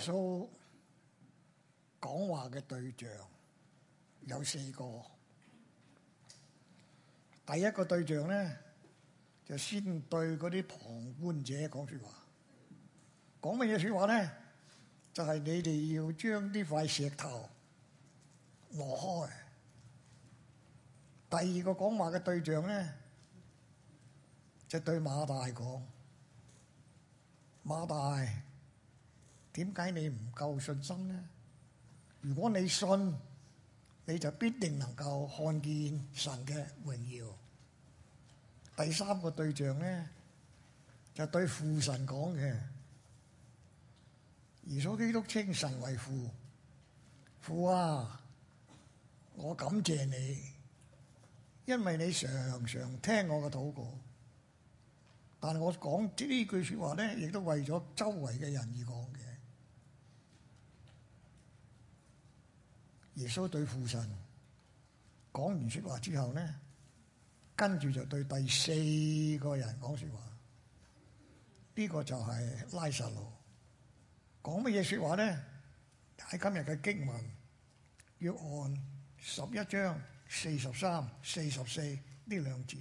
耶穌講話嘅對象有四個，第一個對象呢，就先對嗰啲旁觀者講說話，講乜嘢說話呢？就係、是、你哋要將呢塊石頭挪開。第二個講話嘅對象呢，就對馬大講，馬大。點解你唔夠信心呢？如果你信，你就必定能夠看見神嘅榮耀。第三個對象咧，就是、對父神講嘅。耶穌基督稱神為父，父啊，我感謝你，因為你常常聽我嘅禱告。但係我講呢句說話咧，亦都為咗周圍嘅人而講嘅。耶穌對父神講完說話之後呢，跟住就對第四個人講說話。呢、呢個就係拉撒路講乜嘢說話呢？喺今日嘅經文要按十一章四十三、四十四呢兩節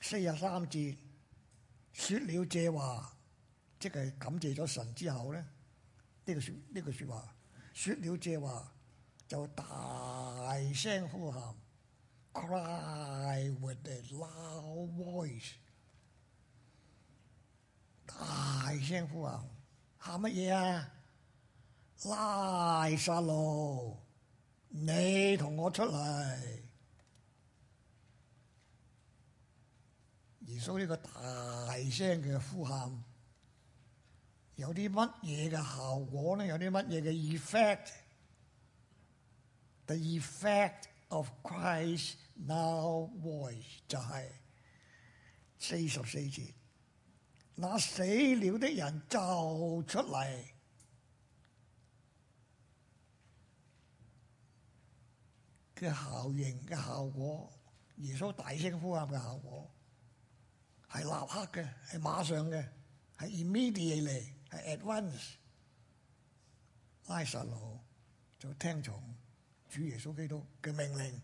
四十三節說了這話，即係感謝咗神之後咧，呢句說呢句、呢個、說話。説了這話，就大聲呼喊，cry with a loud voice，大聲呼喊，喊乜嘢啊？拉撒路，你同我出嚟！耶穌呢個大聲嘅呼喊。有啲乜嘢嘅效果咧？有啲乜嘢嘅 effect？The effect of Christ now voice 就係四十四節，那死了的人就出嚟嘅效應嘅效果，耶穌大聲呼喊嘅效果，係立刻嘅，係馬上嘅，係 immediately。係 advance 拉撒路就聽從主耶穌基督嘅命令，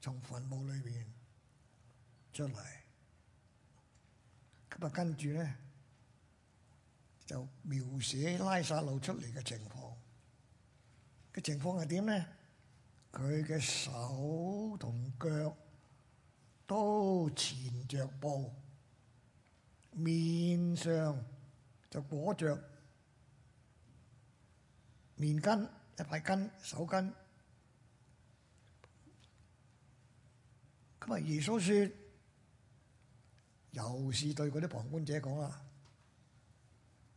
從墳墓裏邊出嚟。咁啊，跟住咧就描寫拉撒路出嚟嘅情況。嘅情況係點咧？佢嘅手同腳都纏著布，面上，就裹着面巾、一塊巾、手巾。咁啊！耶穌説，又是對嗰啲旁觀者講啦。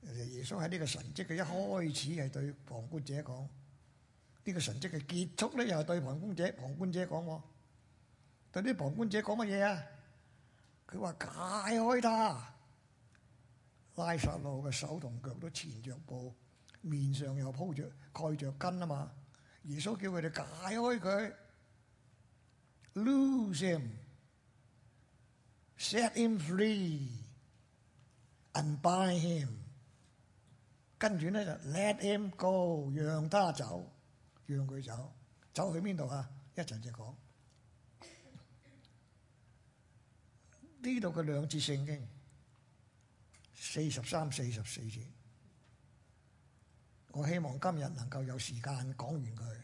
耶穌喺呢個神跡嘅一開始係對旁觀者講，呢、這個神跡嘅結束咧又係對旁觀者、旁觀者講喎。對啲旁觀者講乜嘢啊？佢話解開他。拉撒路嘅手同腳都纏著布，面上又鋪著蓋著巾啊嘛！耶穌叫佢哋解開佢，lose him，set him free，unbind him，跟住咧就 let him go，讓他走，讓佢走，走去邊度啊？一陣就講，呢度嘅兩字聖經。四十三、四十四節，我希望今日能夠有時間講完佢。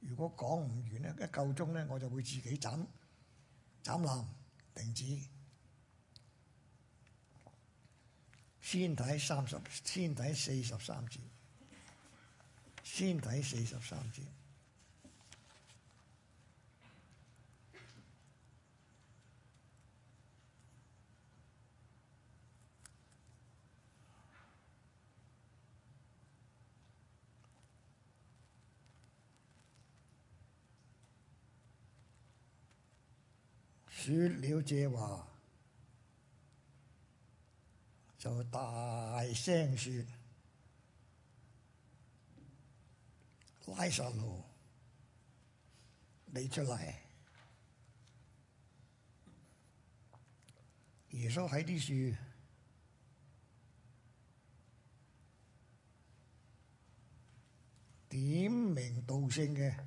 如果講唔完咧，一夠鐘咧，我就會自己斬、斬纜、停止。先睇三十，先睇四十三節，先睇四十三節。說了這話，就大聲說：拉撒路，你出來！耶穌喺度點名道姓嘅。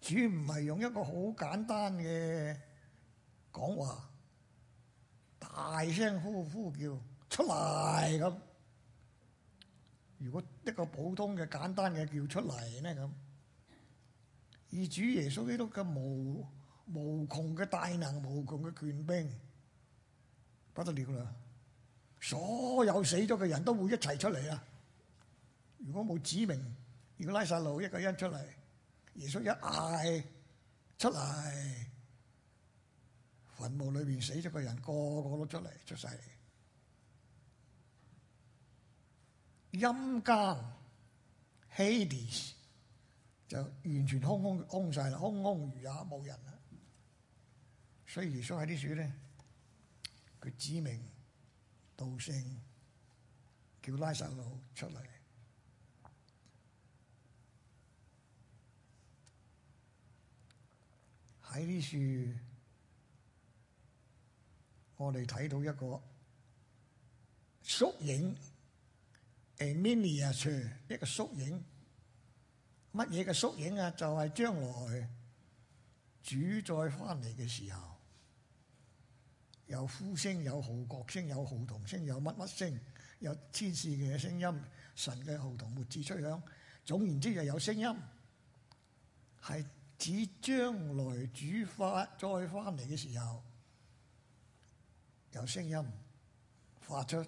主唔係用一個好簡單嘅講話，大聲呼呼叫出嚟咁。如果一個普通嘅簡單嘅叫出嚟呢咁，以主耶穌基督嘅無無窮嘅大能、無窮嘅權柄，不得了啦！所有死咗嘅人都會一齊出嚟啊！如果冇指明，如果拉撒路一個人出嚟。耶穌一嗌出嚟，墳墓裏邊死咗嘅人個個都出嚟出世，陰間 Hades 就完全空空空晒啦，空空如也冇人啦。所以耶穌喺呢處咧，佢指名道姓叫拉撒路出嚟。喺呢處，我哋睇到一個縮影，a miniature 一個縮影，乜嘢嘅縮影啊？就係、是、將來主宰翻嚟嘅時候，有呼聲，有號角聲，有號筒聲，有乜乜聲，有天使嘅聲音，神嘅號筒末至吹響。總言之，就有聲音，係。指將來主發再翻嚟嘅時候，有聲音發出，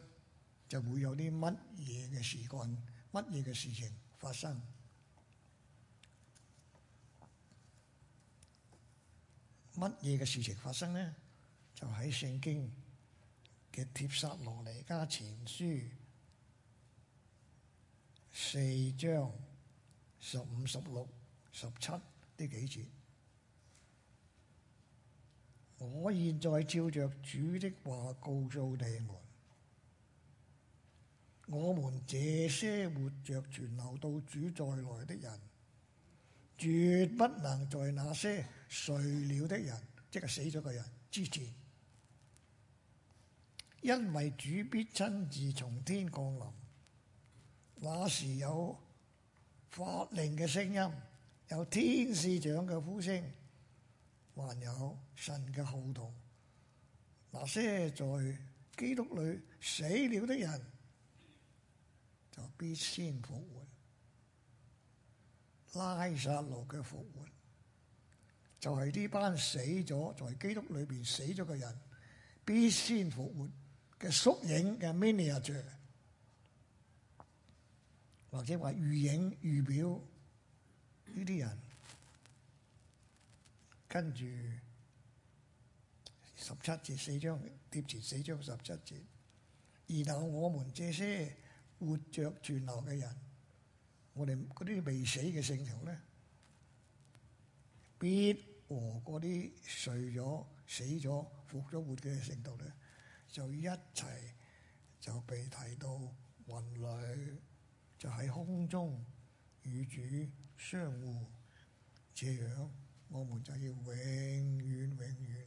就會有啲乜嘢嘅事幹，乜嘢嘅事情發生？乜嘢嘅事情發生呢？就喺聖經嘅帖撒羅尼加前書四章十五、十六、十七。幾，我現在照着主的話告訴你們，我們這些活着存留到主再來的人，絕不能在那些睡了的人，即係死咗嘅人之前，因為主必親自從天降臨，那時有法令嘅聲音。有天使長嘅呼聲，還有神嘅號筒，那些在基督裏死了的人，就必先復活。拉撒路嘅復活，就係、是、呢班死咗在基督裏邊死咗嘅人，必先復活嘅縮影嘅 miniature，或者話預影預表。呢啲人跟住十七節四章，帖前四章十七節，然後我們這些活着存留嘅人，我哋嗰啲未死嘅聖徒咧，必和嗰啲睡咗、死咗、復咗活嘅聖徒咧，就一齊就被提到雲裏，就喺空中。與主相互，這樣我們就要永遠永遠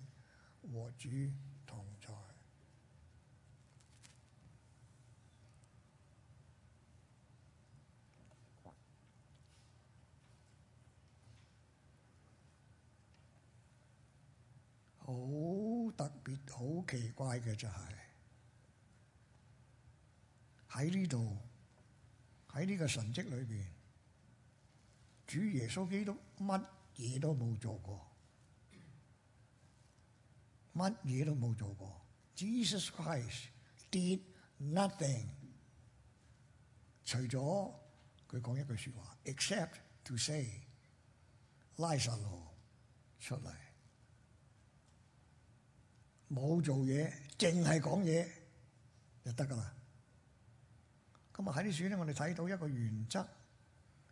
和主同在。好特別、好奇怪嘅就係喺呢度，喺呢個神跡裏邊。主耶穌基督乜嘢都冇做過，乜嘢都冇做過。Jesus Christ did nothing，除咗佢講一句説話，except to say 拉撒路出嚟，冇做嘢，淨係講嘢，就得噶啦。咁啊喺呢處咧，我哋睇到一個原則。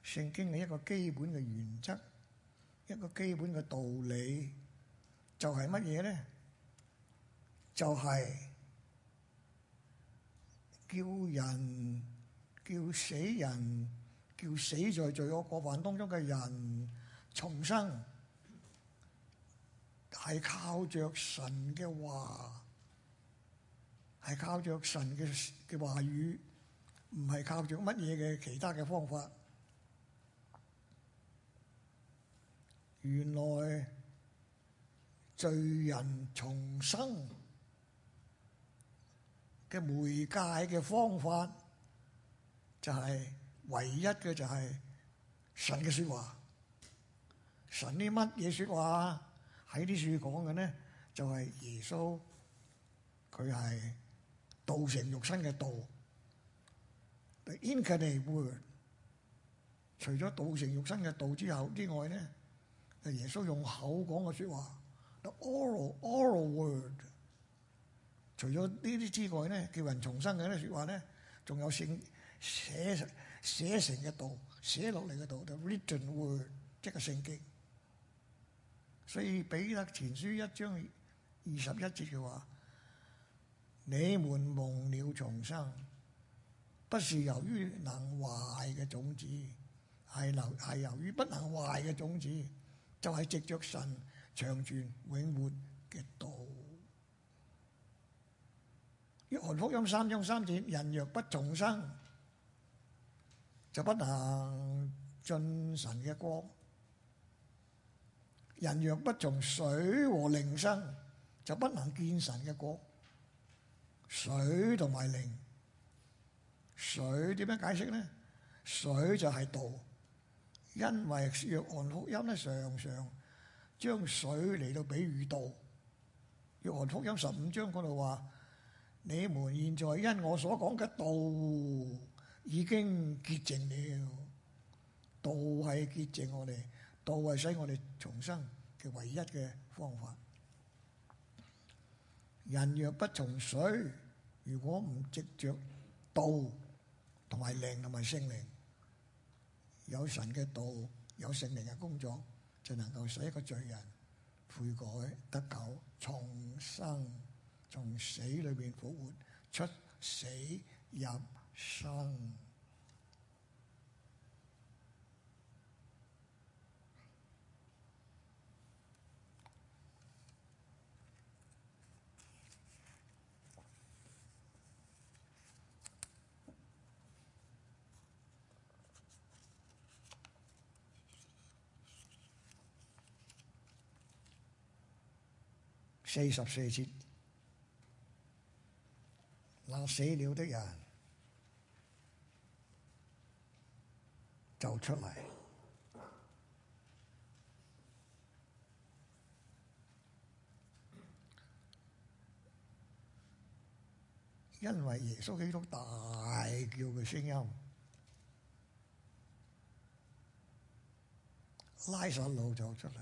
聖經嘅一個基本嘅原則，一個基本嘅道理，就係乜嘢咧？就係、是、叫人叫死人叫死在罪惡過犯當中嘅人重生，係靠着神嘅話，係靠着神嘅嘅話語，唔係靠着乜嘢嘅其他嘅方法。原來罪人重生嘅媒介嘅方法，就係唯一嘅就係神嘅説話。神啲乜嘢説話喺啲書講嘅呢，就係、是、耶穌佢係道成肉身嘅道。The Incarnate Word 除咗道成肉身嘅道之後之外咧？耶穌用口講嘅説話，the oral oral word。除咗呢啲之外咧，叫人重生嘅啲説話咧，仲有寫寫寫成嘅道，寫落嚟嘅道就 written word，即係聖經。所以彼得前書一章二十一節嘅話：你們蒙了重生，不是由於能壞嘅種子，係由係由於不能壞嘅種子。就係藉著神長存永活嘅道。《約翰福音》三章三點：人若不重生，就不能進神嘅國；人若不從水和靈生，就不能見神嘅國。水同埋靈，水點樣解釋呢？水就係道。因為約翰福音咧，常常將水嚟到比喻道。約翰福音十五章嗰度話：你們現在因我所講嘅道已經潔淨了。道係潔淨我哋，道係使我哋重生嘅唯一嘅方法。人若不從水，如果唔直着道同埋靈同埋聖靈。有神嘅道，有聖靈嘅工作，就能夠使一個罪人悔改，得救，重生，從死裏邊復活，出死入生。四十四節，那死了的人走出嚟，因為耶穌基督大叫嘅聲音，拉上路來走出嚟。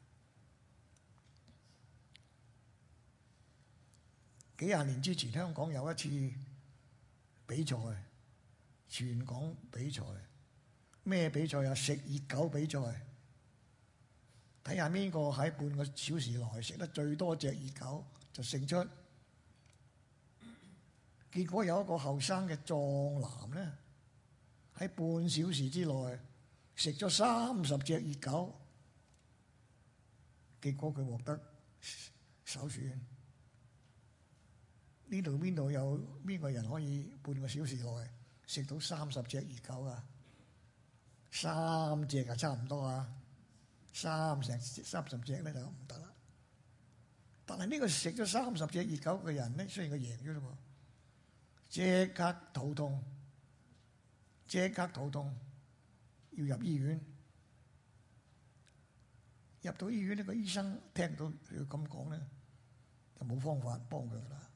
幾廿年之前，香港有一次比賽，全港比賽，咩比賽啊？食熱狗比賽，睇下邊個喺半個小時內食得最多隻熱狗就勝出。結果有一個後生嘅壯男咧，喺半小時之內食咗三十隻熱狗，結果佢獲得首選。呢度邊度有邊個人可以半個小時內食到三十隻熱狗啊？三隻啊，差唔多啊，三成三十隻咧就唔得啦。但係呢個食咗三十隻熱狗嘅人咧，雖然佢贏咗啦，即刻肚痛，即刻肚痛，要入醫院。入到醫院咧，個醫生聽到佢咁講咧，就冇方法幫佢啦。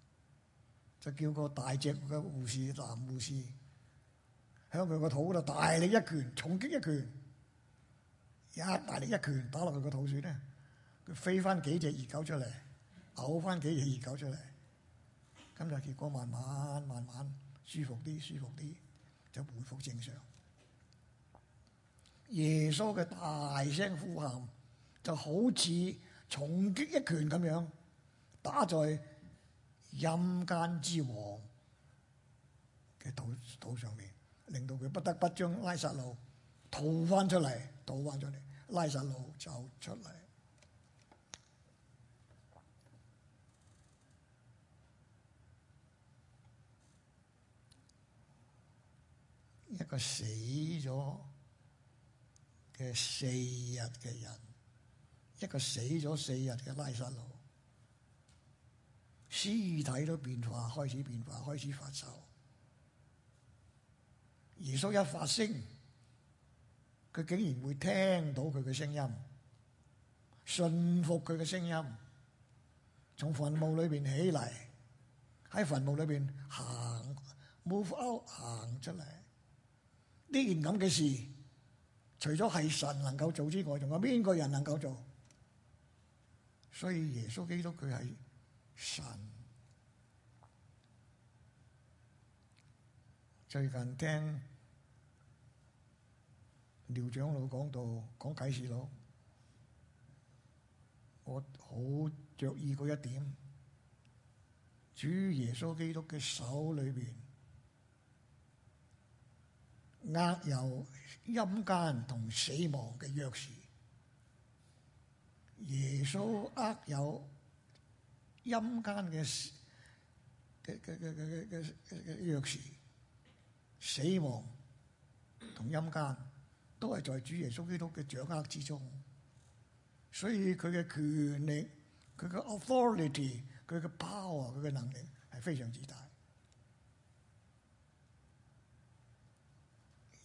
就叫個大隻嘅護士、男護士，向佢個肚度大力一拳，重擊一拳，一大力一拳打落佢個肚處咧，佢飛翻幾隻熱狗出嚟，嘔翻幾隻熱狗出嚟，咁就結果慢慢慢慢舒服啲，舒服啲就回復正常。耶穌嘅大聲呼喊就好似重擊一拳咁樣打在，陰間之王嘅土土上面，令到佢不得不將拉撒路逃翻出嚟，逃翻出嚟，拉撒路走出嚟，一個死咗嘅四日嘅人，一個死咗四日嘅拉撒路。屍體都變化，開始變化，開始發臭。耶穌一發聲，佢竟然會聽到佢嘅聲音，信服佢嘅聲音，從墳墓裏邊起嚟，喺墳墓裏邊行，move out，行出嚟。呢件咁嘅事，除咗係神能夠做之外，仲有邊個人能夠做？所以耶穌基督佢係。神。最近聽廖長老講到講啟示錄，我好着意嗰一點，主耶穌基督嘅手裏邊，握有陰間同死亡嘅鑰匙，耶穌握有。陰間嘅嘅嘅嘅嘅嘅嘅鑰匙，死亡同陰間，都係在主耶穌基督嘅掌握之中。所以佢嘅權力，佢嘅 authority、佢嘅 power、佢嘅能力係非常之大。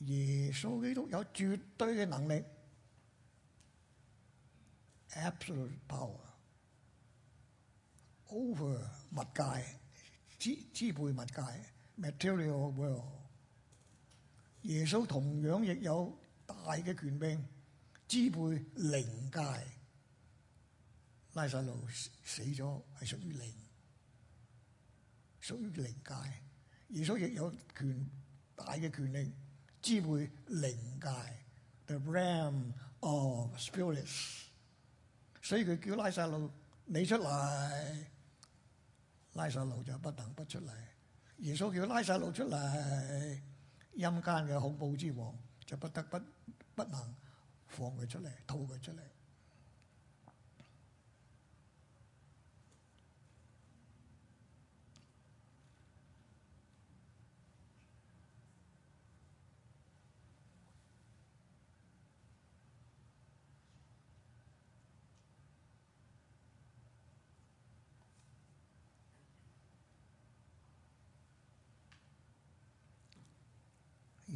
耶穌基督有絕對嘅能力，absolute power。Over 物界支支配物界 material world。耶穌同樣亦有大嘅權柄支配靈界。拉撒路死咗係屬於靈，屬於靈界。耶穌亦有權大嘅權力支配靈界 the realm of spirits。所以佢叫拉撒路你出嚟。拉撒路就不能不出嚟，耶穌叫拉撒路出嚟，陰間嘅恐怖之王就不得不不能放佢出嚟，吐佢出嚟。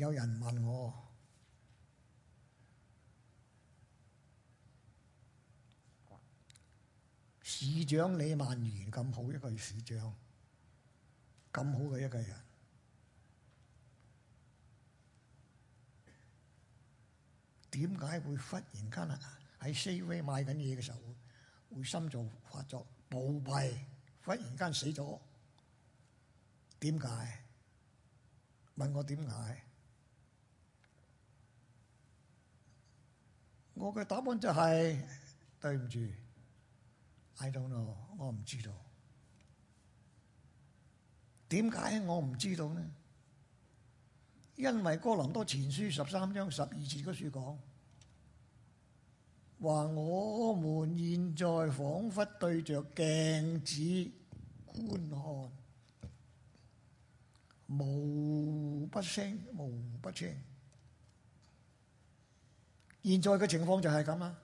有人問我，哇市長李萬元咁好一個市長，咁好嘅一個人，點解會忽然間啊喺 C 威買緊嘢嘅時候會心臟發作暴斃，忽然間死咗？點解？問我點解？我嘅答案就係、是、對唔住，I don't know，我唔知道。點解我唔知道呢？因為哥林多前書十三章十二節嗰書講話，我們現在彷彿對着鏡子觀看，模糊不清，模糊不清。現在嘅情況就係咁啦，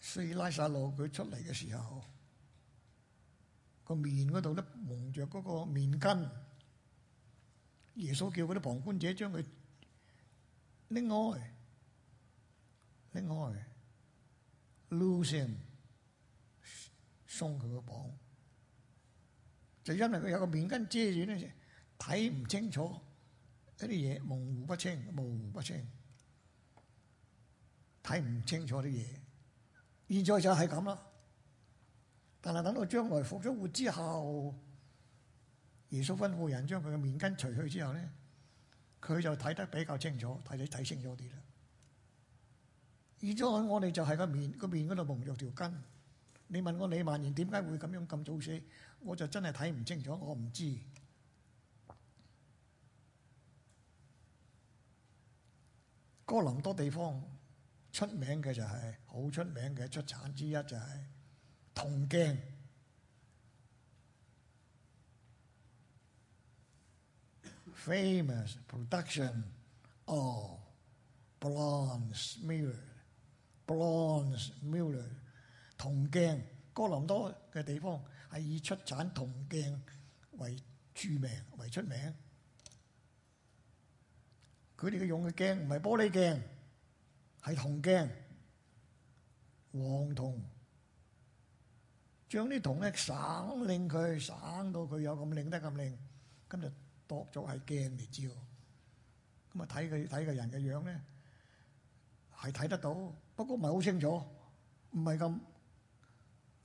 所以拉撒路佢出嚟嘅時候，面那裡那個面嗰度咧，蒙着嗰個面巾。耶穌叫嗰啲旁觀者將佢拎開，拎開，loose him, 鬆佢個綁。就因為佢有個面筋遮住咧，睇唔清楚一啲嘢，模糊不清，模糊不清，睇唔清楚啲嘢。現在就係咁啦，但係等到將來復咗活之後，耶穌吩咐人將佢嘅面筋除去之後咧，佢就睇得比較清楚，睇你睇清楚啲啦。現在我哋就係個面個面嗰度蒙咗條筋。你問我李萬源點解會咁樣咁早死，我就真係睇唔清楚，我唔知。哥林多地方出名嘅就係好出名嘅出產之一就係銅鏡。Famous production of bronze mirror, bronze mirror. 銅鏡，哥林多嘅地方係以出產銅鏡為著名為出名。佢哋嘅用嘅鏡唔係玻璃鏡，係銅鏡，黃銅。將啲銅咧省靚佢，省到佢有咁靚得咁靚，咁就度咗係鏡嚟照。咁啊睇佢睇個人嘅樣咧，係睇得到，不過唔係好清楚，唔係咁。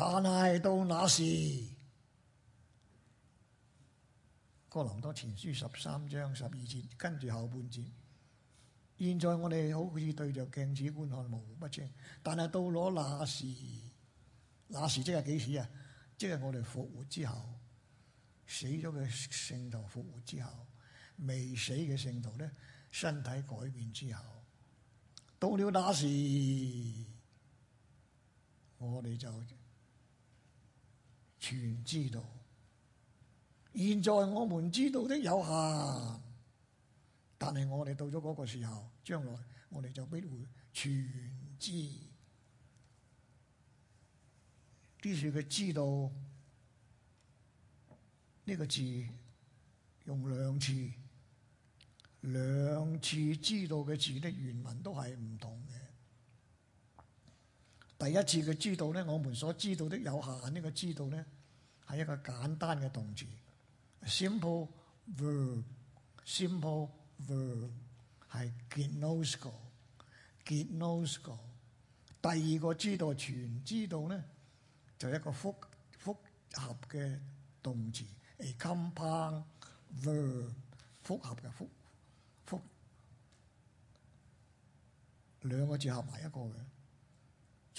但係到那時，《哥林多前書》十三章十二節，跟住後半節。現在我哋好似對着鏡子觀看，模糊不清。但係到攞那時，那時即係幾時啊？即係我哋復活之後，死咗嘅聖徒復活之後，未死嘅聖徒咧，身體改變之後，到了那時，我哋就。全知道。現在我們知道的有限，但係我哋到咗個時候，將來我哋就必會全知。啲時佢知道呢個字用兩次，兩次知道嘅字的原文都係唔同嘅。第一次嘅知道咧，我們所知道的有限呢個知道咧，係一個簡單嘅動詞。simple verb，simple verb 係 ginosko，ginosko。第二個知道，全知道咧，就一個複複合嘅動詞，係 compound verb，複合嘅複複兩個字合埋一個嘅。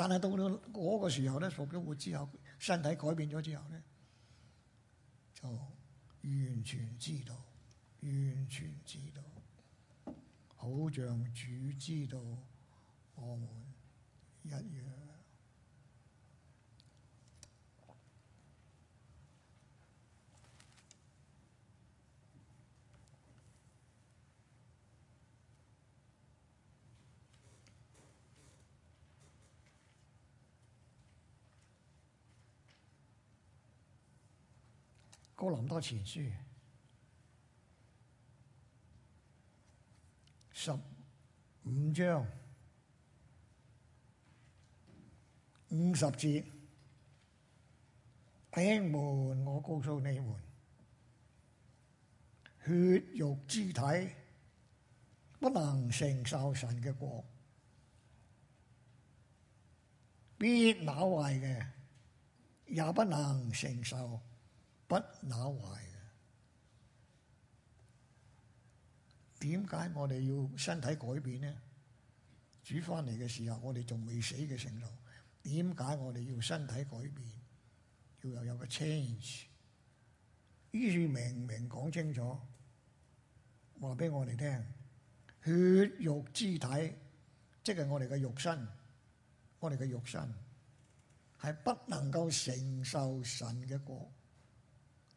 但係到咗嗰個時候咧，復咗活之後，身體改變咗之後咧，就完全知道，完全知道，好像主知道我們一樣。高林多前書十五章五十節，弟兄們，我告訴你們，血肉之體不能承受神嘅國，必朽壞嘅，也不能承受。不朽壞嘅，點解我哋要身體改變呢？主翻嚟嘅時候，我哋仲未死嘅程度，點解我哋要身體改變？要又有個 change，呢處明明講清楚，話俾我哋聽，血肉之體，即係我哋嘅肉身，我哋嘅肉身係不能夠承受神嘅國。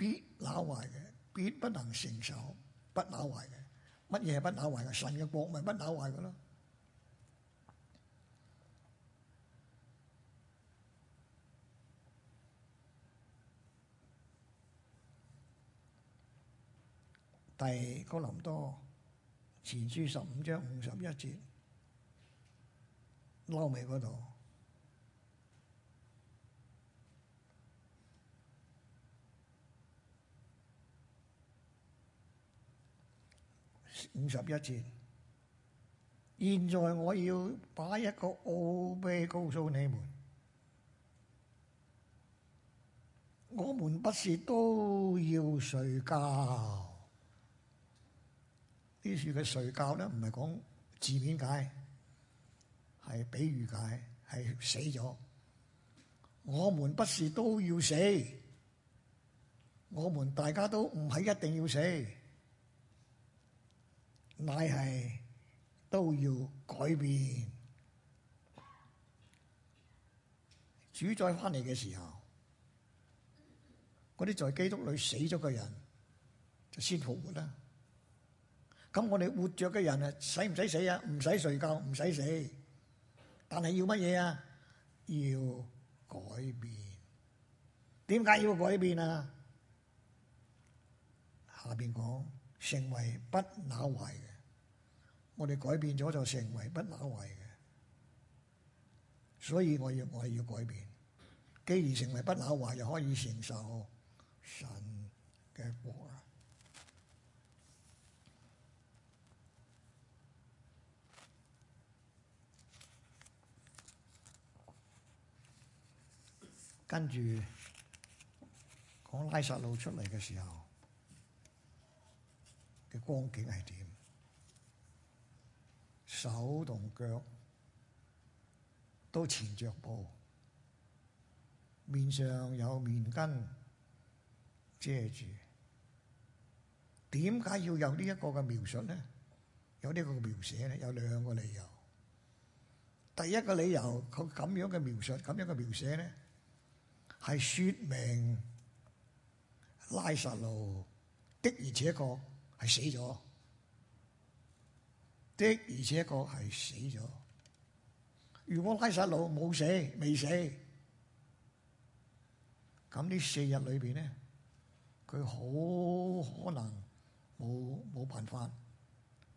必朽壞嘅，必不能承受；不朽壞嘅，乜嘢係不朽壞嘅？神嘅國咪不朽壞嘅咯。第哥林多前書十五章五十一節，撈埋嗰度。五十一節，現在我要把一個奧秘告訴你們。我們不是都要睡覺？呢處嘅睡覺呢，唔係講字面解，係比喻解，係死咗。我們不是都要死？我們大家都唔係一定要死。乃係都要改變，主再翻嚟嘅時候，嗰啲在基督裏死咗嘅人就先復活啦。咁我哋活著嘅人啊，使唔使死啊？唔使睡覺，唔使死，但係要乜嘢啊？要改變。點解要改變啊？下邊講成為不朽壞。我哋改變咗就成為不朽壞嘅，所以我要我係要改變。既然成為不朽壞，又可以承受神嘅國。跟住講拉撒路出嚟嘅時候嘅光景係點？手同腳都纏著布，面上有面巾遮住。點解要有呢一個嘅描述咧？有呢個描寫咧，有兩個理由。第一個理由，佢咁樣嘅描述，咁樣嘅描寫咧，係説明拉撒路的而且確係死咗。的而且確係死咗。如果拉撒路冇死，未死，咁呢四日裏邊咧，佢好可能冇冇辦法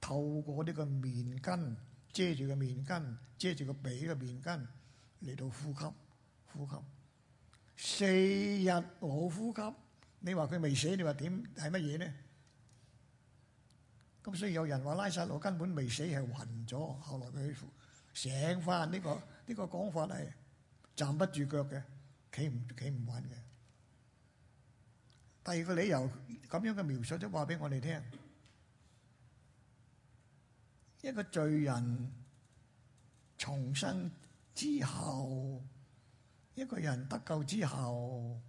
透過呢個面巾，遮住個面巾，遮住個鼻個面巾嚟到呼吸，呼吸。四日冇呼吸，你話佢未死，你話點係乜嘢咧？咁所以有人話，拉薩羅根本未死，係暈咗，後來佢醒翻。呢個、呢個講法係站不住腳嘅，企唔企唔穩嘅。第二個理由，咁樣嘅描述都話俾我哋聽，一個罪人重生之後，一個人得救之後，唔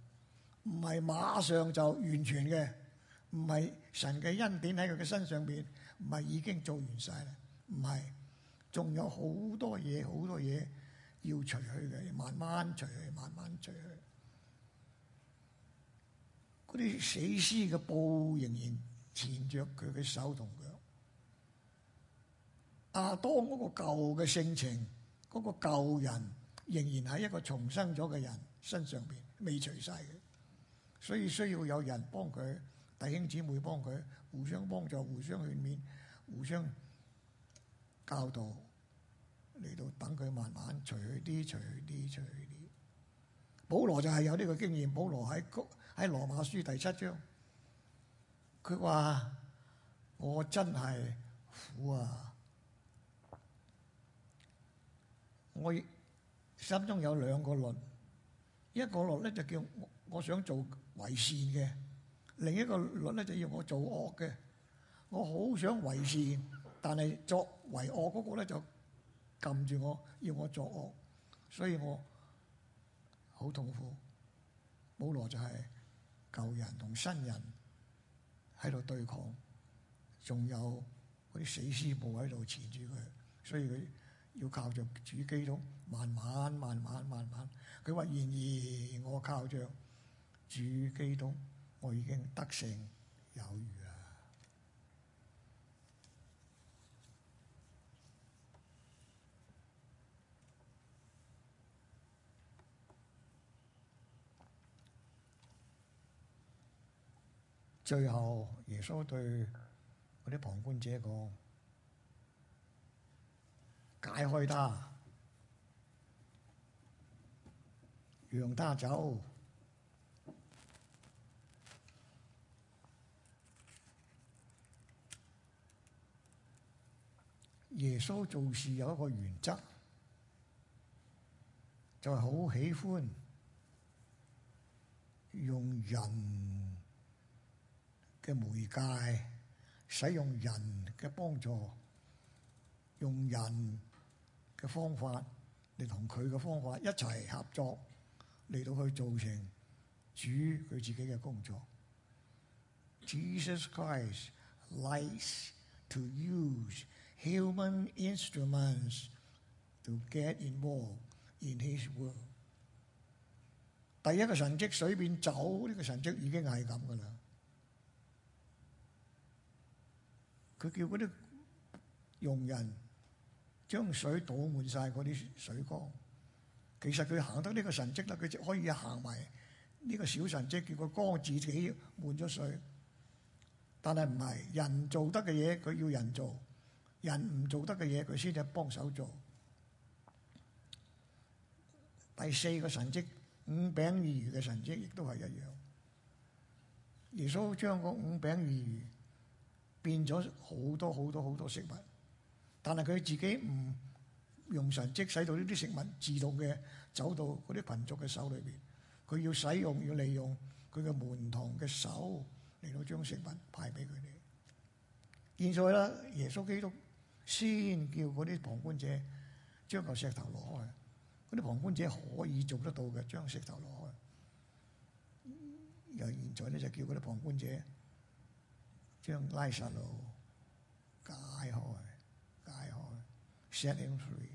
係馬上就完全嘅。唔係神嘅恩典喺佢嘅身上邊，唔係已經做完晒啦。唔係仲有好多嘢，好多嘢要除去嘅，要慢慢除去，慢慢除去。嗰啲死屍嘅布仍然纏著佢嘅手同腳。亞當嗰個舊嘅性情，嗰個舊人，仍然喺一個重生咗嘅人身上邊未除晒嘅，所以需要有人幫佢。弟兄姊妹幫佢，互相幫助，互相勸勉，互相教導，嚟到等佢慢慢除去啲，除去啲，除去啲。保羅就係有呢個經驗，保羅喺喺羅馬書第七章，佢話：我真係苦啊！我心中有兩個論，一個論咧就叫我想做為善嘅。另一個律咧就要我做惡嘅，我好想維持，但係作為惡嗰個咧就撳住我要我做惡，所以我好痛苦。保羅就係舊人同新人喺度對抗，仲有嗰啲死屍部喺度纏住佢，所以佢要靠著主基督，慢慢、慢慢、慢慢。佢話：然而我靠著主基督。我已經得勝有餘啊！最後耶穌對嗰啲旁觀者講：解開他，讓他走。耶穌做事有一個原則，就係好喜歡用人嘅媒介，使用人嘅幫助，用人嘅方法嚟同佢嘅方法一齊合作，嚟到去做成主佢自己嘅工作。Jesus Christ likes to use. human instruments to get involved in his work。第一個神跡水變酒，呢個神跡已經係咁㗎喇。佢叫嗰啲用人將水倒滿晒嗰啲水缸。其實佢行得呢個神跡啦，佢就可以行埋呢個小神跡，叫個缸自己滿咗水。但係唔係人做得嘅嘢，佢要人做。人唔做得嘅嘢，佢先至幫手做。第四個神跡，五餅二魚嘅神跡亦都係一樣。耶穌將個五餅二魚變咗好多好多好多食物，但係佢自己唔用神跡使到呢啲食物自動嘅走到嗰啲群眾嘅手裏邊，佢要使用要利用佢嘅門徒嘅手嚟到將食物派俾佢哋。現在啦，耶穌基督。先叫啲旁觀者將嚿石頭攞開，啲旁觀者可以做得到嘅，將石頭攞開，又現在咧就叫啲旁觀者將拉薩路解開解開，setting free。Set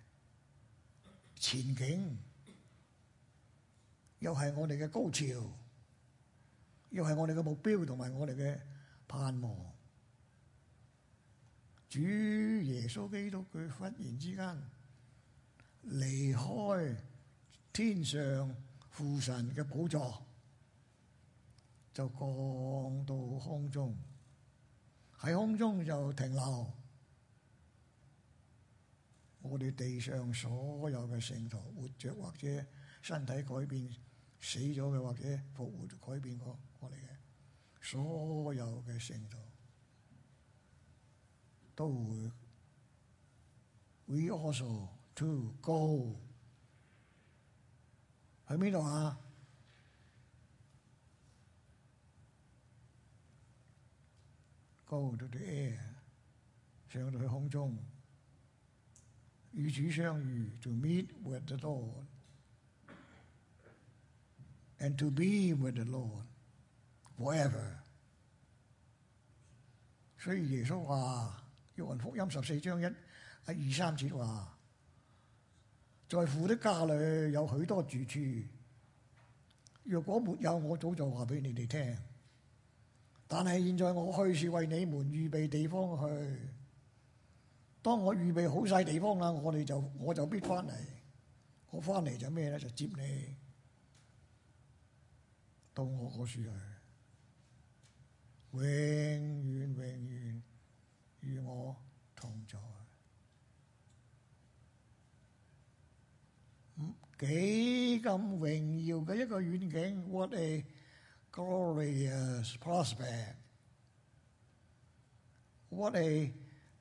前景又係我哋嘅高潮，又係我哋嘅目標同埋我哋嘅盼望。主耶穌基督佢忽然之間離開天上父神嘅寶座，就降到空中，喺空中就停留。我哋地上所有嘅聖徒活着或者身體改變死咗嘅或者復活改變過我哋嘅，所有嘅聖徒都會。We also to go，去邊度啊？Go to the air，上到空中。與主相遇，to meet with the Lord，and to be with the Lord，forever。所以耶穌話《約翰福音》十四章一、二、三節話：在父的家裏有許多住處，若果沒有，我早就話俾你哋聽。但係現在我去是為你們預備地方去。當我預備好曬地方啦，我哋就我就必翻嚟，我翻嚟就咩咧？就接你到我嗰處去，永遠永遠與我同在。幾咁榮耀嘅一個遠景，What a glorious prospect. What a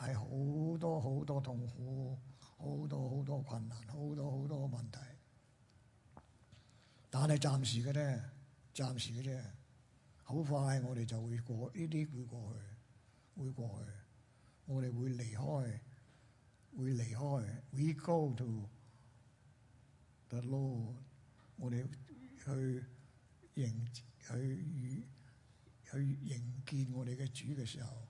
係好多好多痛苦，好多好多困難，好多好多問題。但係暫時嘅啫，暫時嘅啫。好快我哋就會過呢啲會過去，會過去。我哋會離開會離開 We go to the Lord，我哋去迎去去迎接我哋嘅主嘅時候。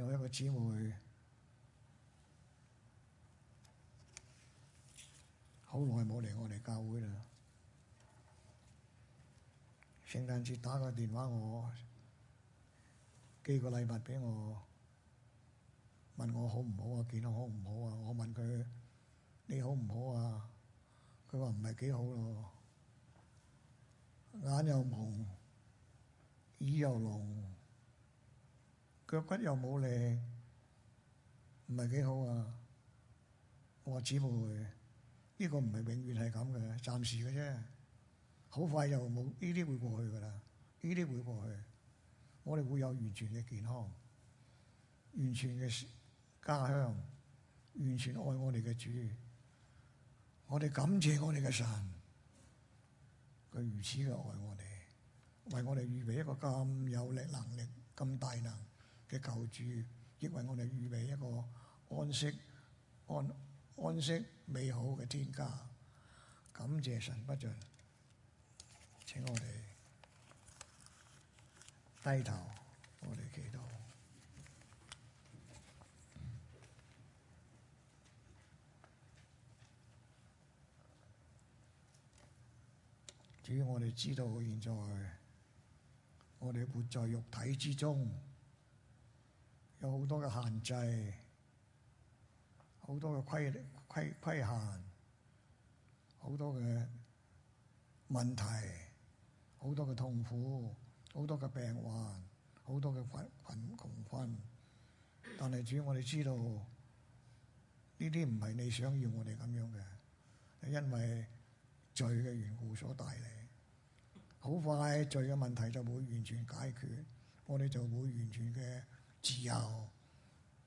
有一個姊妹好耐冇嚟我哋教會啦，聖誕節打個電話我寄個禮物俾我，問我好唔好啊？健康好唔好啊？我問佢你好唔好啊？佢話唔係幾好咯，眼又紅，耳又聾。腳骨又冇力，唔係幾好啊！我話姊妹，呢個唔係永遠係咁嘅，暫時嘅啫。好快又冇，呢啲會過去㗎啦，呢啲會過去。我哋會有完全嘅健康，完全嘅家鄉，完全愛我哋嘅主。我哋感謝我哋嘅神，佢如此嘅愛我哋，為我哋預備一個咁有力能力、咁大能。嘅救主，亦為我哋預備一個安息、安安息美好嘅天家。感謝神不盡，請我哋低頭，我我，我哋祈禱。主要我哋知道，現在我哋活在肉體之中。有好多嘅限制，好多嘅規例、規限，好多嘅問題，好多嘅痛苦，好多嘅病患，好多嘅困困窮困。但係，只要我哋知道，呢啲唔係你想要我哋咁樣嘅，係因為罪嘅緣故所帶嚟。好快，罪嘅問題就會完全解決，我哋就會完全嘅。自由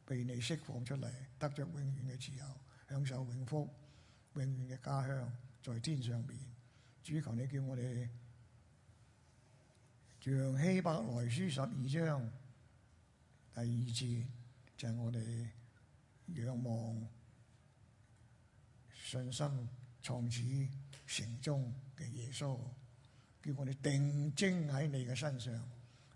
被你釋放出嚟，得着永遠嘅自由，享受永福，永遠嘅家鄉在天上邊。主求你叫我哋像希伯來書十二章第二節，就係我哋仰望信心創始成終嘅耶穌，叫我哋定睛喺你嘅身上。